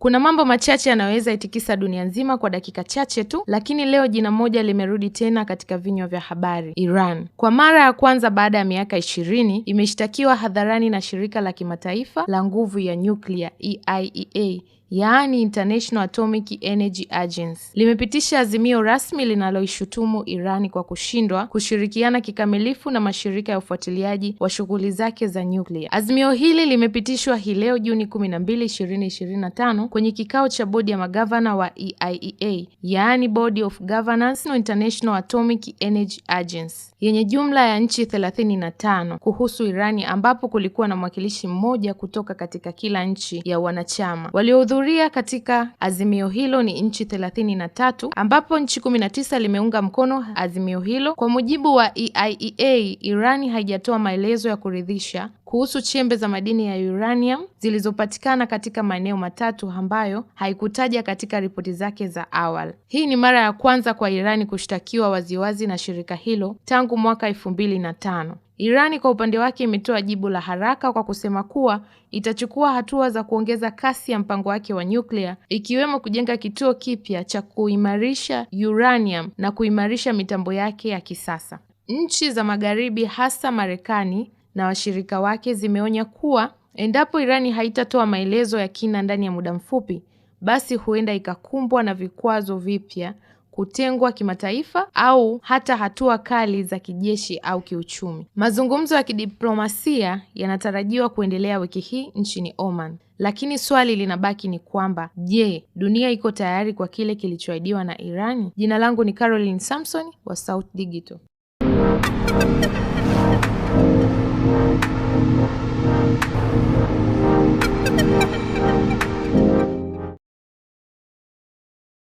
Kuna mambo machache yanayoweza itikisa dunia nzima kwa dakika chache tu, lakini leo jina moja limerudi tena katika vinywa vya habari. Iran kwa mara ya kwanza baada ya miaka ishirini imeshtakiwa hadharani na shirika la kimataifa la nguvu ya nyuklia, EIEA yaani International Atomic Energy Agency limepitisha azimio rasmi linaloishutumu Irani kwa kushindwa kushirikiana kikamilifu na mashirika ya ufuatiliaji wa shughuli zake za nyuklia. Azimio hili limepitishwa hii leo Juni 12, 2025 kwenye kikao cha bodi ya magavana wa EIEA, yaani Board of Governors no International Atomic Energy Agency yenye jumla ya nchi 35 kuhusu Irani ambapo kulikuwa na mwakilishi mmoja kutoka katika kila nchi ya wanachama waliohudhuria Kihistoria katika azimio hilo ni nchi 33 ambapo nchi 19 limeunga mkono azimio hilo. Kwa mujibu wa EIEA, Irani haijatoa maelezo ya kuridhisha kuhusu chembe za madini ya uranium zilizopatikana katika maeneo matatu ambayo haikutaja katika ripoti zake za awali. Hii ni mara ya kwanza kwa Irani kushtakiwa waziwazi na shirika hilo tangu mwaka elfu mbili na tano. Irani kwa upande wake imetoa jibu la haraka kwa kusema kuwa itachukua hatua za kuongeza kasi ya mpango wake wa nyuklia ikiwemo kujenga kituo kipya cha kuimarisha uranium na kuimarisha mitambo yake ya kisasa. Nchi za Magharibi hasa Marekani na washirika wake zimeonya kuwa endapo Irani haitatoa maelezo ya kina ndani ya muda mfupi, basi huenda ikakumbwa na vikwazo vipya kutengwa kimataifa au hata hatua kali za kijeshi au kiuchumi. Mazungumzo ya kidiplomasia yanatarajiwa kuendelea wiki hii nchini Oman. Lakini swali linabaki ni kwamba je, dunia iko tayari kwa kile kilichoahidiwa na Irani? Jina langu ni Caroline Samson wa South Digital.